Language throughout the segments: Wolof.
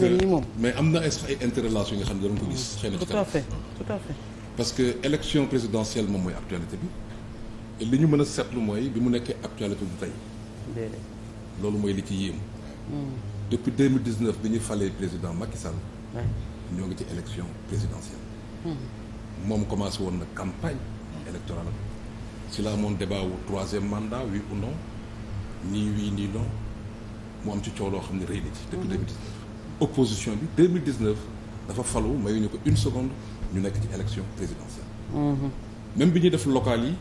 xam nga moom mais am na ay interrelation yi nga xam ne doon ko gis. xëy na ci tout à fait parce que élection présidentielle moom mooy actualité bi li ñu mën a seetlu mooy bi mu nekkee actualité bu tey. loolu mooy li ci yéem. Hmm. depuis 2019 bi ñu falee président Macky Sall. ñoo ngi ci élection présidentielle. Hmm. moom commencé woon na campagne la si la amoon débat wu troisième mandat oui ou non nii oui nii non mu am ci coow xam ne rëy na ci depuis hmm. opposition bi 2019 dafa falu ñu ko une seconde ñu nekk ci élection présidentielle. Mmh. même bi ñuy def local yi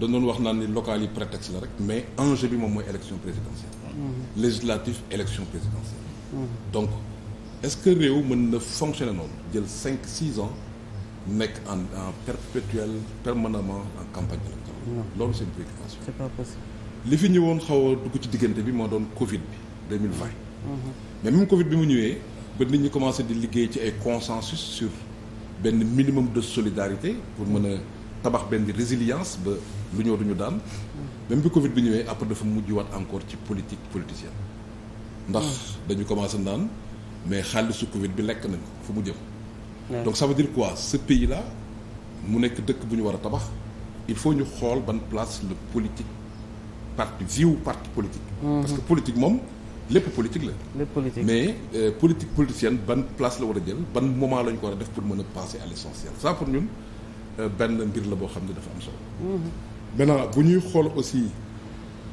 dañ doon wax naa ni local yi prétexte la rek mais enjeu bi moom mooy élection présidentielle. Mmh. législative élection présidentielle. Mmh. donc est-ce que réew mën na fonctionner noonu jël cinq six ans nekk en en perpétuel permanemment en campagne électorale. loolu c'est une préoccupation. c'est pas possible. li fi ñëwoon xaw dugg ci diggante bi moo doon Covid bi 2020. mais même Covid bi mu ñëwee ba nit ñi commencé di liggéey ci ay consensus sur benn minimum de solidarité pour mën a tabax benn résilience ba lu ñëw duñu daan même bi Covid bi ñëwee après dafa mujjuwaat encore ci politique politicienne ndax dañu commencé naan mais xaalisu Covid bi lekk nañ ko fu mu jëm. donc ça veut dire quoi ce pays là mu nekk dëkk bu ñu war a tabax il faut ñu xool ban place le politique parti viu parti politique. Mm-hmm. parce que politique moom. lépp politique la. lépp politique mais euh, politique politicienne ban place la war a jël ban moment la ñu ko war a def pour mën a passer à l' essentiel ça pour ñun euh, benn mbir la boo xam ne dafa am solo. Mm-hmm. maintenant bu ñuy xool aussi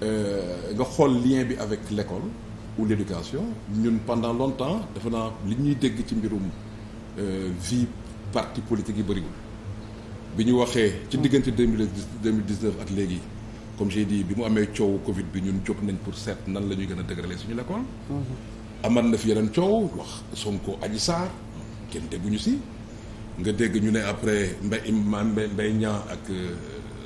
euh, nga xool lien bi avec l' école ou l' éducation ñun pendant longtemps dafa naa li ñuy dégg ci mbirum euh, vie parti politique yi bëriwul bi ñu waxee. ci diggante deux mille dix neuf ak léegi. comme j'ai dit bi mu amee coow Covid bi ñun jóg nañ pour set nan la ñuy gën a dëgëralee suñu lekkool. amaat na fi yeneen coow wax Sonko Adji Sarr kenn dégguñu si. nga dégg ñu ne après Mbaye Mbaye mbay ñaa ak euh,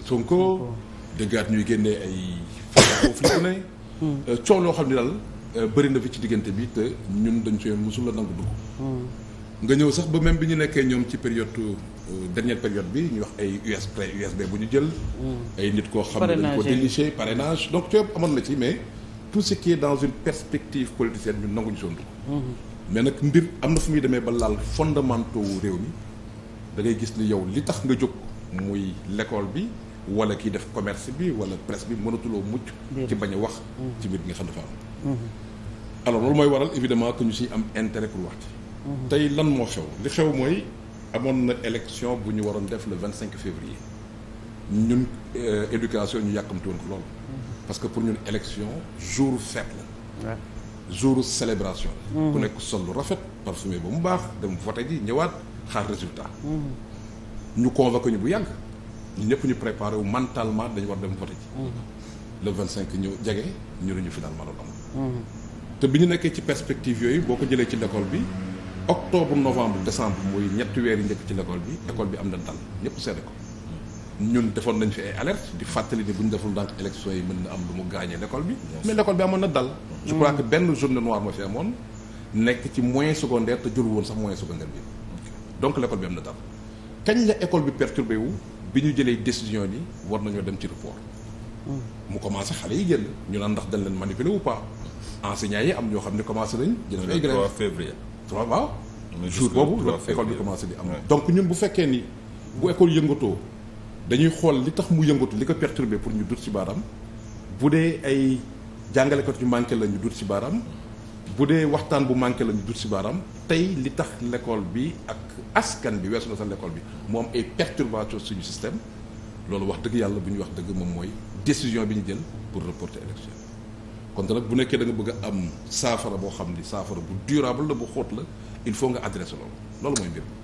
Sonko. dëggaat ñuy génne ay foofu la ne. Hmm. Euh, coow loo xam ni daal euh, bëri na fi ci diggante bi te ñun dañ cee mosul la nangu dugg. Hmm. nga ñëw sax ba même bi ñu nekkee ñoom ci période euh, dernière période bi ñu wax ay US USB bu ñu jël. Mm. ay nit koo xam ne dañ ko déniché parrainage donc coono amoon na ci mais tout ce qui est dans une perspective politicienne ñun ñu sondu mm-hmm. mais nag mbir am na fu muy demee ba laal fondamentaux réew mi dangay gis ni yow li tax nga jóg muy lekkool bi wala kiy def commerce bi wala presse bi mënatuloo mucc. ci bañ wax. Mm-hmm. ci mbir bi nga xam dafa am. Mm-hmm. alors loolu mooy waral évidemment que ñu siy am intérêt pour wax ci Mhm. tey lan moo xew li xew mooy amoon na élection bu ñu waroon def le vingt cinq février ñun euh, éducation ñu yàkkamti woon ko lool. Mhm. parce que pour ñun élection jour fête la. jour célébration la. Mhm. ku nekk sol lu rafet parfumé ba mu baax dem voté ji ñëwaat xaar résultat. ñu convoqué ñu bu yàgg ñu ñëpp ñu préparé wu mentalement dañu war dem voté ji. le vingt cinq ñu jege ñu ne ñu finalement loolu am. te bi ñu nekkee ci perspective yooyu boo ko jëlee ci l'école bi. octobre novembre décembre mooy ñett weer yi njëkk ci l'école bi école bi am na dal ñëpp seede ko ñun defoon nañ fi ay alerte di fàttali ne bu ñu deful ndànk élection yi mën na am lu mu gaañee l'école bi mais l'école bi amoon na dal je crois mm. benn journée noire moo fi amoon nekk ci moyen secondaire te jur woon sax moyen secondaire bi donc l'école bi am na dal kañ la école bi perturbé wu bi ñu jëlee décision yi war nañoo dem ci report mm. mu commencé xale yi génn ñu naan ndax dañ leen manipuler ou pas enseignants yi am ñoo xam ne commencé nañ jël ay grève février trois waaw. jour boobu la école bi commencé di am. donc ñun bu fekkee ni bu école yëngatoo dañuy xool li tax mu yëngatu li ko perturbé pour ñu dut ci baaraam bu dee ay jàngalekat yu manqué la ñu dut ci baaraam. bu dee waxtaan bu manqué la ñu dut ci baaraam tey li tax l'école bi ak askan bi weesu na sax l'école bi mu am ay perturbation suñu système loolu wax dëgg yàlla bu ñu wax dëgg moom mooy décision bi ñu jël pour reporter élection kon nag bu nekkee da bëgg am saafara boo xam ni saafara bu durable la bu xóot la il faut nga adressé loolu loolu mooy mbir